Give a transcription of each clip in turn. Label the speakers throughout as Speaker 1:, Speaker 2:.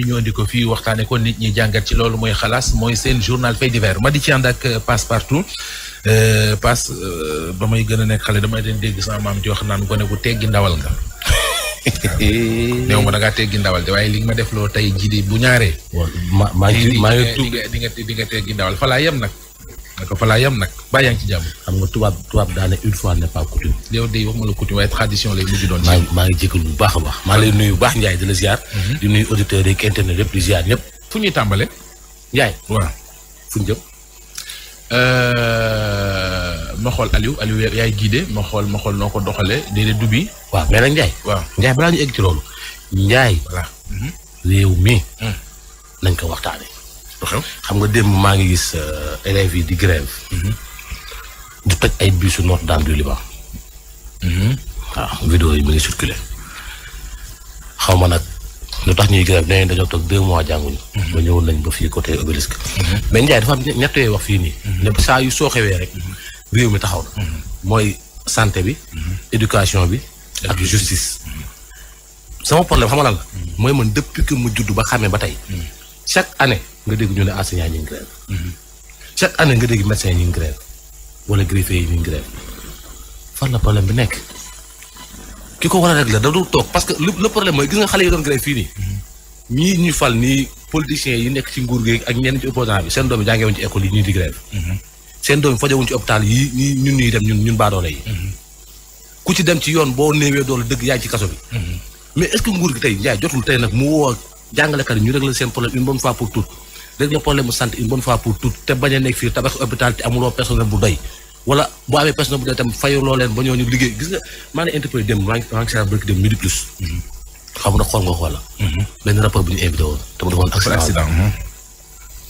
Speaker 1: bi ñu andi ko fii waxtaane ko nit ñi jàngat ci loolu mooy xalaas mooy seen journal fait divers ma di ci ànd ak passe partout euh, passe euh, ba may gën a nekk xale damay den dégg sama maam di wax naan gone bu teggi ndawal nga néew ma da ngaa teggi ndawal de waaye li ma def loo tey jii bu ñaaree. maa maa ngi di nga nga teggi ndawal fa yem nag. naka fa laa yem nag bàyyi yaa ngi ci jàmm. xam nga tubaab tubaab daane une fois n'est coutume. yow de wax ma la coutume waaye tradition lay mujj doon. maa maa ngi jégalu bu baax a maa lay nuyu bu baax Ndiaye di la ziar. Mhm. di nuyu auditeurs yeeg internet yëpp di ziar ñëpp. fu ñuy tàmbalee. Ndiaye. waaw fu ñu jëm. Euh, ma xool Aliou Aliou yaay guidé ma xool ma xool noo ko doxalee déedéet du bi. waaw mais nag Ndiaye. waaw Ndiaye balaa ñu egg ci loolu. Ndiaye. Mhm. réew mi. Mhm. nañ ko waxtaanee. xam nga démb maa ngi gis euh, élèves yi di grève mhm. du toj ay bus su Notre-Dame du Liban. waaw mhm. ah, vidéo yi mu ngi circulé xaw ma nag lu tax ñuy grève nee dañoo toog deux mois jànguñu. Mhm. ba ñëwoon nañ ba fii côté obélisque. mais Ndiaye dafa am ñett yooyu wax fii nii. lépp saa yu soo sooxewee rek. réew mi taxaw na. mooy santé bi. éducation bi ak justice. sama problème xam nga la. mooy man depuis que mu judd ba xamee ba tey. chaque année. nga dégg ñu ne enseignant ñu ngi grève chaque année nga dégg médecin ñu ngi grève wala greffier yi ñu ngi grève fan la problème bi nekk ki ko war a régler da du toog parce que le problème mooy gis nga xale yi doon grève fii nii ñii ñu fal nii politiciens yi nekk ci nguur gi ak ñenn ci opposant bi seen doom yi jàngeewuñ ci école yi ñuy di grève yi fajewuñ ci hôpital yi ñi ñun ñuy dem ñun ñun baadoole yi ku ci dem ci yoon boo néewee doole dëgg yaay ci kaso bi mais est-ce que nguur gi tey njaay mu woo ñu régler seen problème rek le problème mu santé une bonne fois pour tout te bañ a nekk fii tabax hôpital te amuloo personnel bu doy wala boo amee personnel bu doy tam fayuloo leen ba ñu liggéey gis nga maa ngi interpellé nga mhm. xool nga xool la. Mhm. benn rapport bu ñu invité te mu defoon accident mhm.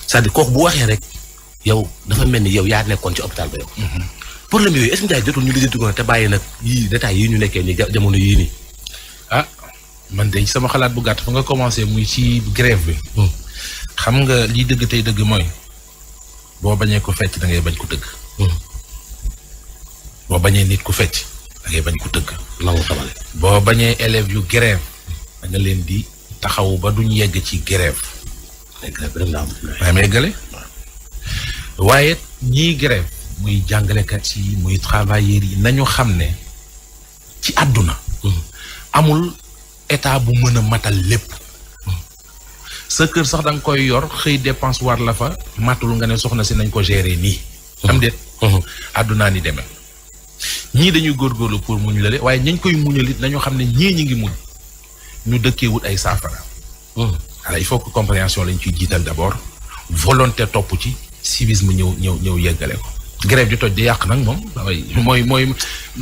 Speaker 1: c'est-à-dire bu waxee rek yow dafa mel ni yow yaa nekkoon ci hôpital ba yow. problème yooyu est-ce jotul ñu lijjanti ko te bàyyi nag yii détails yii ñu nekkee nii jamono yii nii. ah man de sama xalaat bu gàtt fa nga commencé muy ci grève bi. Hmm. xam nga li deug tay deug moy bo bañé ko fecc da ngay bañ ko deug bo hmm. bañé nit ko fecc da ngay bañ ko la nangu xamalé bo bañé élève yu grève da nga leen di taxaw ba duñ yegg ci grève waaye may gële ya, waaye ñi grève muy kat ci muy travailleur yi nañu xamné ci aduna hmm. amul état bu mëna matal lepp sa kër sax dang koy yor xey dépense war la fa matul nga ne soxna si nañ ko gérer ni am det aduna mhm. mhm. ni demee. ñii dañuy góorgóorlu pour muñ lele waye ñañ koy muñalit nañu xam ne ñii ñi ngi muñ ñu dëkkee wut ay saafara. ala mhm. il faut que compréhension lañ ci jital d'abord volonté top ci civisme ñew ñew ñew yeggalé ko. grève di toj di yak nak mom moy moy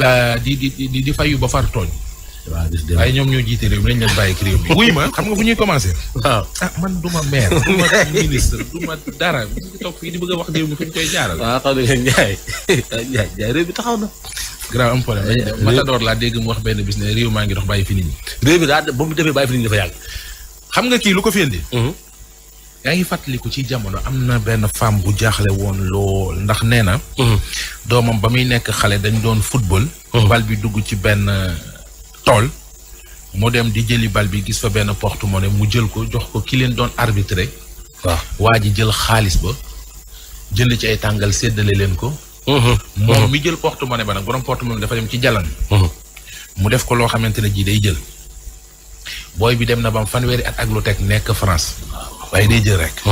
Speaker 1: euh, di di di di fayu ba far toj waaw gis ñoom ñoo jiite réew mi lañ leen bàyyi ak réew mi wuy ma xam nga ñuy commencé. waaw ah man du ma maire du dara bu ñu toog fii di a wax réew taxaw na. grave am problème dañuy def Matador dégg mu wax benn bis réew maa ngi dox bàyyi fi nit ñi. réew mi daa ba demee bàyyi fi nit xam nga kii lu ko fi indi. Mm-hmm. yaa ngi fàttaliku ci jamono am na benn femme bu jaaxle woon lool ndax nee na. Mm-hmm. doomam ba muy nekk xale dañ doon football. Mm-hmm. bal bi dugg ci benn tool mu dem di jëli bal bi gis fa benn porte-monnaie mu jël ko jox ko ki leen doon arbitré. waaw waa ji jël xaalis ba jënd ci ay tàngal seddale leen ko. Mm-hmm. moom mm-hmm. mi jël porte-monnaie ba nag borom porte-monnaie dafa dem ci jalan mm-hmm. mu def ko loo xamante ne jii day jël. booy bi dem na bam fanweeri at ak lu teg nekk France. waaye day jël rek.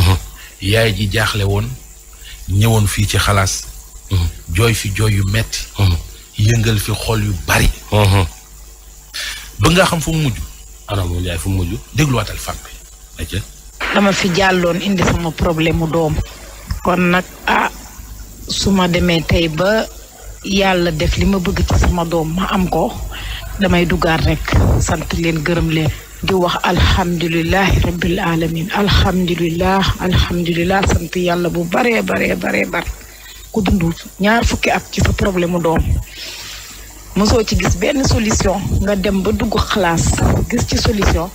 Speaker 1: yaay ji jaaxle woon ñëwoon fii ci xalaas. jooy fi jooy yu metti yëngal fi xol yu bari. ba nga xam fu mu mujj. fu mu mujj dégluwaatal fan bi. ayca.
Speaker 2: dama fi jàlloon indi sama problème mu doom. kon nag ah su ma demee tey ba yàlla def li ma bëgg ci sama doom ma am ko damay duggaat rek sant leen gërëm leen. di wax alhamdulilahi rabbil alamin alhamdulilah alhamdulilah sant yàlla bu baree baree baree bare ku dund ñaar fukki at ci sa problème mu doom. mosoo ci gis benn solution nga dem ba dugg xalaas gis ci solution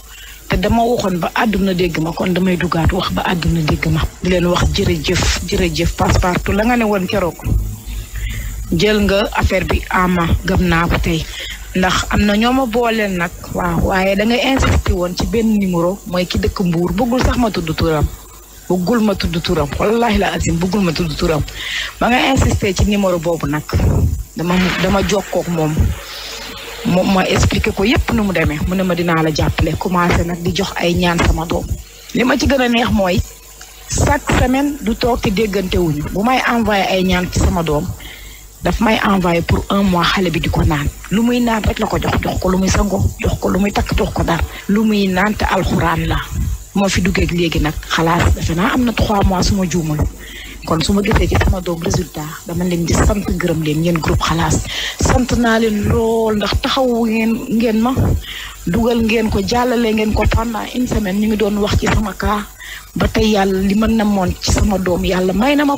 Speaker 2: te dama waxoon ba àdduna dégg ma kon damay dugaat wax ba àdduna dégg ma di leen wax jërëjëf jërëjëf passepartout la nga ne woon keroog jël nga affaire bi ama gëm naa ko tey ndax am na ñoo ma booleel nag waaw waaye da nga insisté woon ci benn numéro mooy ki dëkk mbuur bëggul sax ma tudd turam bëggul ma tudd turam wallahi la asim bëggul ma tudd turam ma nga insister ci numéro boobu nag dama dama jokkook moom moom moo expliqué ko yépp nu mu demee mu ne ma dinaa la jàppale commencé nag di jox ay ñaan sama doom li ma ci gën a neex mooy chaque semaine du toog te déggante bu may envoyé ay ñaan ci sama doom daf may envoyé pour un mois xale bi di ko naan lu muy naan rek la ko jox jox ko lu muy sango jox ko lu muy takk jox ko dara lu muy la mo fi ak légui nak xalaat dafa na amna na mois suma ma kon suma gëssé ci sama doom résultat dama leen di sant gërëm leen ñeen groupe xalaas sant na leen lool ndax taxaw ngeen ngeen ma dugal ngeen ko jàllale ngeen ko pendant une semaine ñu ngi doon wax ci sama ka ba tay yalla li ma namoon ci sama doom yalla may na ma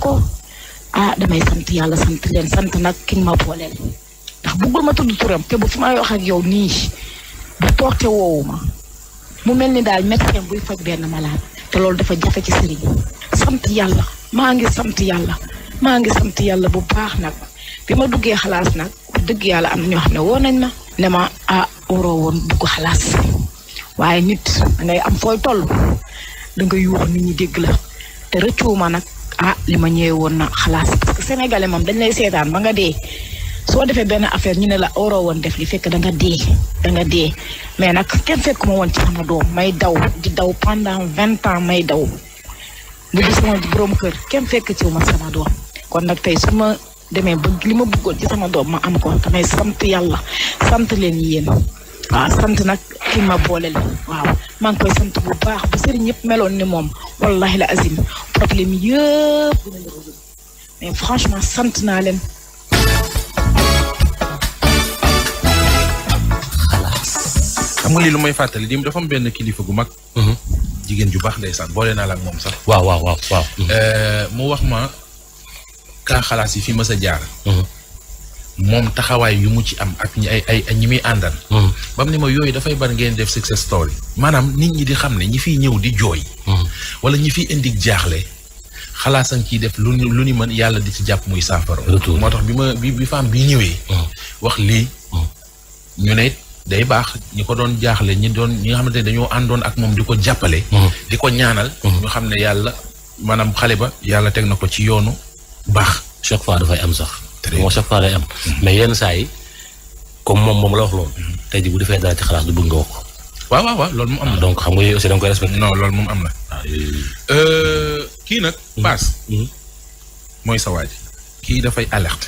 Speaker 2: ah damay sant yalla sant leen sant nak ki ma booleel ndax bëggul ma tuddu turam te bu fi wax ak yow ni bu toog te ma mu mel ni daal médecin buy faj benn malade te loolu dafa jafe ci sëriñ sant yàlla maa ngi sant yàlla maa ngi sant yàlla bu baax nag bi ma duggee xalaas nag dëgg yàlla am na ñoo xam ne woo nañ na ne ma ah waroo woon dugg xalaas waaye nit ngay am fooy toll da nga yuux nit ñi dégg la te rëccuwuma nag ah li ma ñëwee woon na xalaas parce que moom dañ lay seetaan ba nga dee so defé ben affaire ñu ne la oro won def li fekk da nga dé da nga dé mais nak kenn fekk ma woon ci sama doom may daw di daw pendant 20 ans may daw bu gis mo ci borom kër kenn fekk ci ma sama doom kon nak tay suma démé bu ba li ma bëggoon ci sama doom ma am ko damay sant yàlla sant leen yéen wa sant nak ki ma booleel waaw ma ngi koy sant bu baax bu sëriñ ñëpp meloon ni moom wallahi la azim problème yëpp mais franchement sant naa leen
Speaker 1: xam nga lii lu may fàttali di dafa am benn kilifa gu mag. Mhm. jigéen ju baax ndeysaan boole naa la ak moom sax. waaw waaw waaw mhm. euh, mu wax ma kaa xalaas yi fi ma sa jaar. Mhm. moom taxawaay yu mu ci am ak ñi ay ay ñi muy àndal. ba ni ma yooyu dafay bar ngeen def success story. maanaam nit ñi di xam ne ñi fiy ñëw di jooy. wala ñi fi indi jaaxle. xalaasam ciy def lu ni lu ni mën yàlla di ci jàpp muy saafara. moo tax bi ma bi bi femme bi ñëwee. wax lii ñu ne. day baax ñi ko doon jaaxle ñi doon ñi nga xamante ne dañoo àndoon ak moom di ko jàppale. Mhm. di ko ñaanal. Mhm. ñu xam ne yàlla maanaam xale ba yàlla teg na ko ci yoonu baax. chaque fois dafay am sax. moom chaque fois day am. Mhm. mais yenn saa yi comme moom moom la wax loolu. te ji bu defee dara ci xalaat du bëgg nga wax ko. waaw waaw waaw loolu moom am na. Ah, donc xam nga yooyu aussi da nga koy respecté. non loolu moom am na. Ah, euh, kii nag. mbaas mooy sa waaj. kii dafay alerte.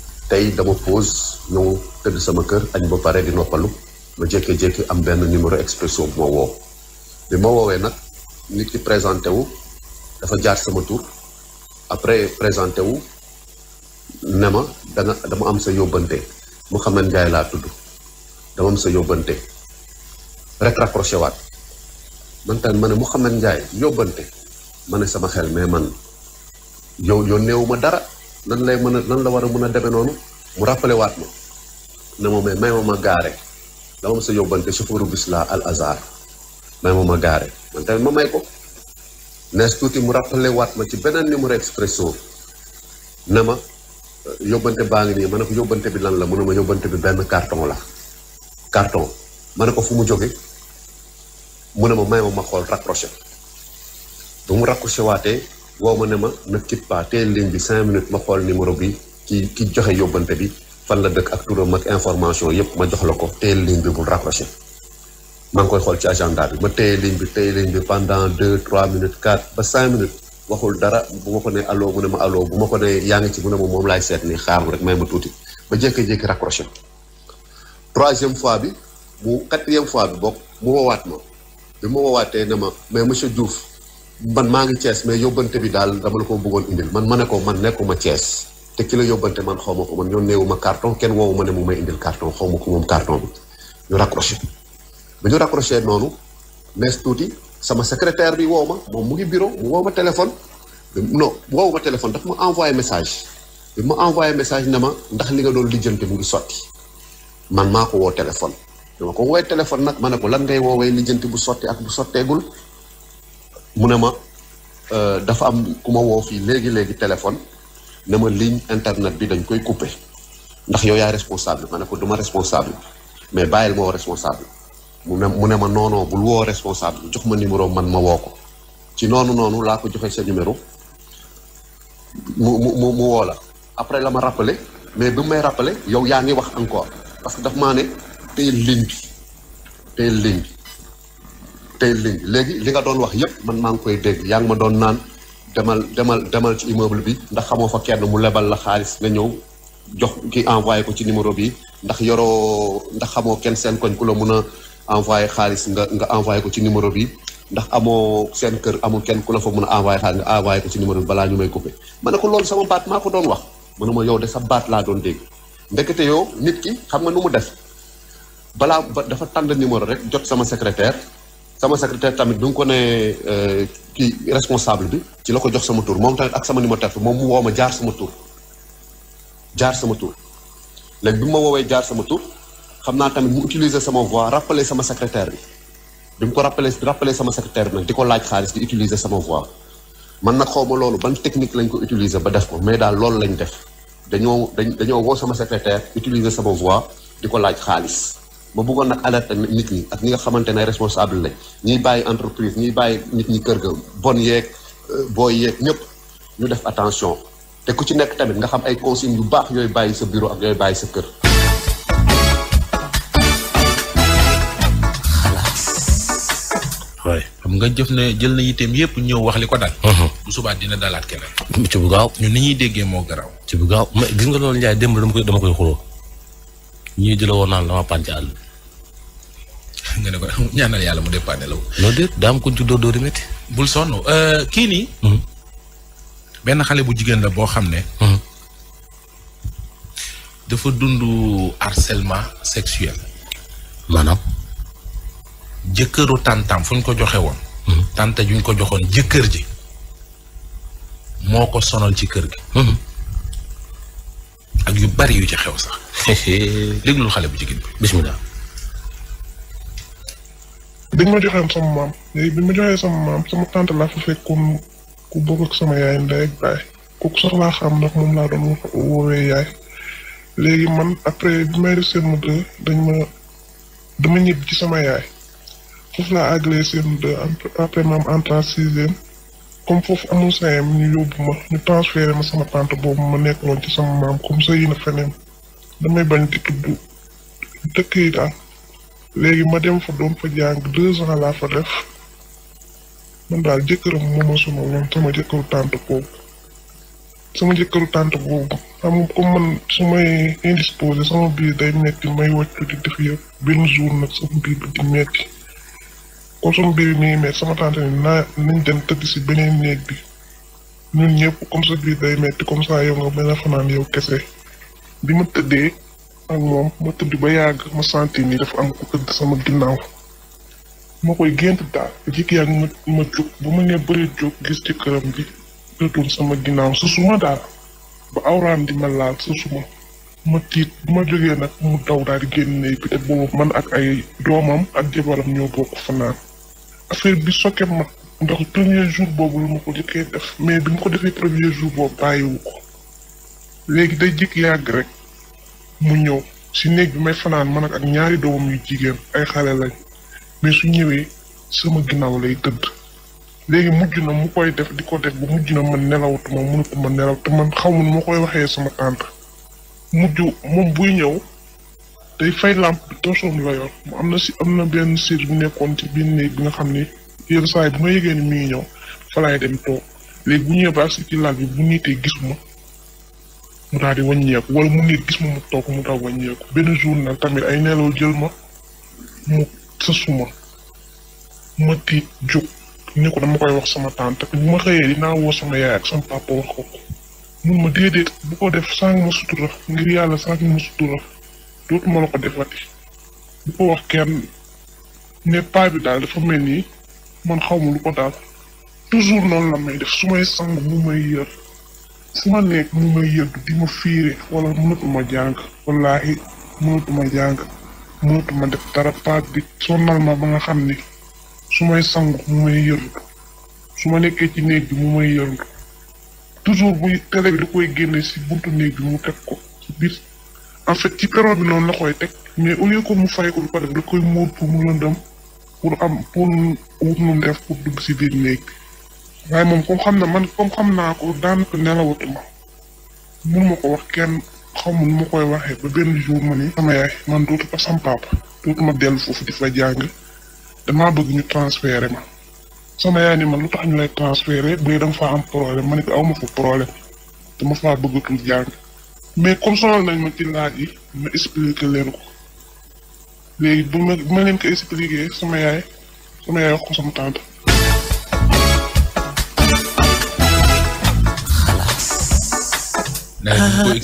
Speaker 1: tey dama pause ñëw tëdd
Speaker 3: sama kër añ ba pare di noppalu ma jékki-jékki am benn numéro expresso bu ma woo bi ma woowee nag nit ki présenté wu dafa jaar sama tur après présenté wu ne ma danga dama am sa yóbbante Mouhamed Ndiaye laa tudd dama am sa yóbbante rek rapproché waat man tamit ma ne Mouhamed Ndiaye yóbbante ma ne sama xel mais man yow yónneewu ma dara nan lay mën a nan la war a mun a demee noonu mu rappelé waat ma ne ma may ma ma gaare dama ma sa yóbbante chauffeur bis la al azar may ma ma gaare man tamit ma may ko nees tuuti mu rappelé waat ma ci beneen numéro expresso ne ma euh, yóbbante baa ngi nii ma ne ko yóbbante bi lan la mu ne ma yóbbante bi benn carton la carton ma ne ko fu mu jóge mu ne ma may ma ma xool raccroché ba mu raccroché waatee woo ma ne ma ne quitte pas teel ligne bi cinq minutes ma xool numéro bi ki ki joxe yóbbante bi fan la dëkk ak turam ak information yépp ma jox la ko teel ligne bi bul raccroché maa ngi koy xool ci agenda bi ma téye ligne bi téye ligne bi pendant deux trois minutes quatre ba cinq minutes waxul dara bu ma ko ne allo mu ne ma allo bu ma ko ne yaa ngi ci mu ne ma moom laay seet ni xaar rek may ma tuuti ba jékki-jékki raccroché troisième fois bi mu quatrième fois bi bokk mu woowaat ma bi ma woowaatee ne ma mais monsieur Diouf man maa ngi Thiès mais yóbbante bi daal dama la ko bëggoon indil man ma ne ko man nekkuma Thiès te ki la yóbbante man xaw ma ko man ñoo néewuma carton kenn woowu ma ne mu may indil carton xaw ma ko moom carton bi ñu raccroché ba ñu raccroché tuuti sama secrétaire bi woo ma mu ngi biro mu woo ma téléphone non woowu téléphone daf ma envoyé message bi ma envoyé message ne ma ndax li nga doon lijjanti mu ngi sotti man maa ko woo téléphone dama ko woowee téléphone nag ma ne ko lan ngay woowee lijjanti bu sotti ak bu sotteegul mu ne ma euh, dafa am ku ma woo fii léegi léegi téléphone ne ma ligne internet bi dañ koy coupé ndax yow yaay responsable ma ne ko du ma responsable mais bàyyil ma woo responsable mu ne mu ne ma noonoo bul woo responsable jox ma numéro man ma woo ko ci noonu noonu laa ko joxee sa numéro mu mu mu woo la après la ma rappelé mais bu may rappelé yow yaa ngi wax encore parce que daf maa ne téyel ligne bi téyel bi tey léegi léegi li nga doon wax yépp man maa ngi koy dégg yaa ngi ma doon naan demal demal demal ci immeuble bi ndax xamoo fa kenn mu lebal la xaalis nga ñëw jox ki envoyé ko ci numéro bi ndax yoroo ndax xamoo kenn seen koñ ku la mun a envoyé xaalis nga nga envoyé ko ci numéro bi ndax amoo seen kër amul kenn ku la fa mun a envoyé xaalis nga envoyé ko ci numéro bi balaa ñu may coupé ma ne ko loolu sama baat maa ko doon wax mu ne ma yow de sa baat laa doon dégg ndekete yow nit ki xam nga nu mu def balaa dafa tànn numéro rek jot sama secrétaire sama secrétaire tamit du nga ko ne euh, kii responsable bi ci la ko jox sama tour moom tamit ak sama numéro téléphone moom mu woo ma jaar sama tur jaar sama tur léegi bi ma woowee jaar sama tur xam naa tamit mu utiliser sama voix rappeler sama secrétaire bi bi ko rappeler rappeler sama secrétaire bi nag di ko laaj xaalis di utiliser sama voix man nag xaw ma loolu ban technique lañ ko utiliser ba def ko mais daal loolu lañ def dañoo dañ dañoo woo sama secrétaire utiliser sama voix di ko laaj xaalis ba bëggoon nag alerte nit ñi ak ñi nga xamante ne responsable lañ ñuy bàyyi entreprise ñuy bàyyi nit ñi kër ga bon yeeg euh, booy yeeg ñëpp ñu def attention te ku ci nekk tamit nga xam ay consignes yu baax yooy bàyyi sa bureau ak yooyu bàyyi sa kër.
Speaker 2: waay
Speaker 1: xam nga jëf na jël na yitteem yépp ñëw wax li ko dal. Mhm. bu subaat dina dalaat keneen. ci bu gaaw ñun ni ñuy déggee moo garaw. ci bu gaaw mais gis nga loolu Ndiaye démb dama koy dama ñii ya, di la woon naan dama pànc nga ne hmm. hmm. ko ñaanal yalla mu dépanne la lo déet dam ko ci dóor dóori métti bul euh ki ni ben xalé bu jigen la bo xamné ne dafa dundu harcèlement sexuel manam jëkëru tantam fuñ ko joxé won tanta juñ ko joxoon jëkër ji moko sonal ci kër gi hmm. ak yu bari yu ci xew sax. déglul xale bu jigéen bi bismillah.
Speaker 4: bi ma joxee sama maam léegi ma joxee sama maam sama tante laa fa ku bokk sama yaay ndey ak baay kooku sax xam ndax moom laa doon woowee yaay léegi man après bi may def seen deux dañ ma dama ñibbi ci sama yaay foofu laa àggalee seen deux après maam entrant sixième comme foofu amul sayam ñu yóbbu ma ñu transféré ma sama tante boobu ma nekk nekkaloon ci sama maam comme sëy na feneen damay bañ di tudd dëkk yi daal léegi ma dem fa doon fa jàng deux ans laa fa def man daal jëkkëram moo ma sonal moom sama jëkkëru tante boobu sama jëkkëru tante boobu xam comme man su indisposé sama biir day metti may wàccu di def yëpp benn jour nag sama biir di metti comme sama bébé mi ngi métti sama tante ni naa nañ dem tëdd si beneen néeg bi ñun ñëpp comme sa biir day métti comme ça yow nga fanaan yow kese bi ma tëddee ak moom ma tëdd ba yàgg ma sentir ni dafa am ku sama ginnaaw koy gént daal jik yàgg ma ma jóg bu gis ci këram bi retour sama ginnaaw su suma daal ba awraan di ma laal su suma ma tiit bu ma jógee nag mu daw daal génn néeg bi te boobu man ak ay doomam ak jabaram ñoo bokk fanaan affaire bi soke ma ndax premier jour boobu lu ma ko jëkkee def mais bi ma ko defee premier jour boobu bàyyiwu ko léegi day jëkk yàgg rek mu ñëw si néeg bi may fanaan man ak ñaari doomam yu jigéen ay xale lañ mais su ñëwee sama ginnaaw lay tëdd léegi mujj na mu koy def di ko def ba mujj na man nelawatuma mënatuma nelaw te man xaw ma nu ma koy waxee sama tante mujj moom buy ñëw day fay làmp torchon la yor am na si am na benn siir bu nekkoon ci biir néeg bi nga xam ne yenn saa bu ma yëgee ni mi ngi ñëw fa dem toog léegi bu ñëwee ba ci lal bi bu niitee gisuma mu daal di wàññeeku wala mu nit gis mu toog mu daal wàññeeku benn jour nag tamit ay nelaw jël ma mu sësuma ma tiit jóg ni dama koy wax sama tànt bu ma xëyee dinaa woo sama yaay ak sama papa wax ko mun ma déedéet bu ko def sànq ma sutura ngir yàlla sànq ma sutura dootuma la ko defati bu ko wax kenn ne paa bi daal dafa mel nii man xaw ma lu ko daal toujours noonu la may def su may sang mu may yër su ma nekk mu may ma fiire wala mënatuma jàng jàng mënatuma def dara bi sonnal ba nga xam ne su may sangu ma nekkee ci néeg bi mu may yërndu toujours buy télé bi da koy génne si buntu néeg bi mu teg ko biir en fait ci perron bi noonu la koy teg mais au lieu que mu fay ko ba pare koy muur pour mu lëndëm pour am pour wut nu mu pour dugg si biir néeg waaye moom kom xam na man comme xam naa ko daanaka nelawatuma mun ma ko wax kenn xamul ma koy waxee ba benn jour ma ni sama yaay man dootuma sam papa dootuma dellu foofu di fa jàng damaa bëgg ñu transféré ma sama yaay ni man lu tax ñu lay transféré bu dee da nga faa am problème ma ne ko aw ma problème dama faa bëggatul mais comme sonal nañ ma ci yi ma expliqué leen ko léegi bu ma bu ma leen ko expliqué sama yaay sama yaay wax ko sama tante.
Speaker 1: li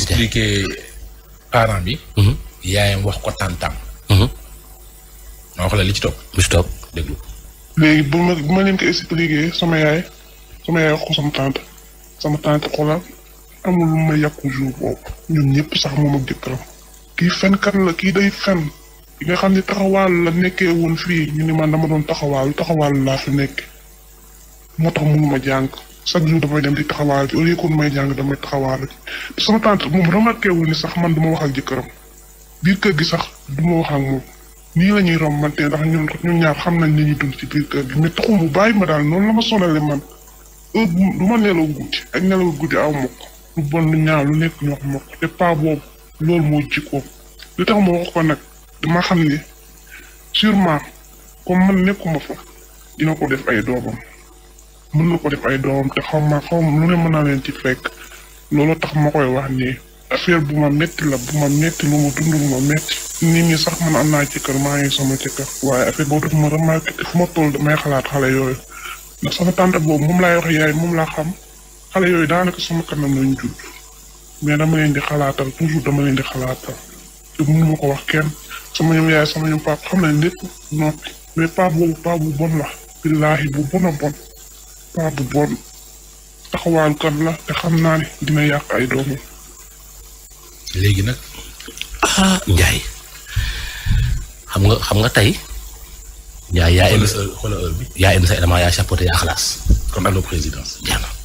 Speaker 1: ci topp. li ci topp
Speaker 4: ma bu ma leen ko expliqué sama yaay sama yaay ko sama amul lu may yàqu jour boobu ñun ñëpp sax moom ak jëkkëram kii kan la kii day fen ki nga xam ne taxawaal la nekkee woon fii ñu ni man dama doon taxawaal taxawaal laa fi nekk moo tax ma jàng chaque jour damay dem di taxawaal ci au lieu kon may jàng damay taxawaal ci sama tante moom remarqué wul ni sax man duma wax ak jëkkëram biir kër gi sax duma wax ak moom nii la ñuy rombante ndax ñun ñun ñaar xam nañ ni ñuy dund ci biir kër gi mais taxul mu bàyyi ma daal noonu la ma sonale man heure bu du ma nelaw guddi ak nelaw guddi aw ma ko lu bon lu ñaaw lu nekk ñu wax ma te pas boobu loolu moo jikkoom li tax ma wax ko nag dama xam ne sûrement comme man nekkuma fa dina ko def ay doomam mën nu ko def ay doomam te xaw ma xaw ma mën naa leen ci fekk loolu tax ma koy wax nii affaire bu ma metti la bu ma metti lu ma dund lu nit ñi sax man am naa ci kër maa ngi sama ci kër waaye affaire boobu daf ma remarqué te fu xalaat xale yooyu moom laay wax moom laa xam xale yooyu daanaka sama kanam lañ judd mais dama leen di xalaatal toujours dama leen di xalaatal te mënuma ko wax kenn sama ñoom yaay sama ñoom pap xam nañ lépp noppi mais pap boobu bu bon la billahi bu bon a bon pap bu bon taxawaalu kan la te xam naa ne dina yàq ay doomu léegi nag ah njaay
Speaker 1: xam nga xam nga tey njaay yaa em ya yaa em sa
Speaker 2: élément yaa yaa xalaas kon allo présidence jeex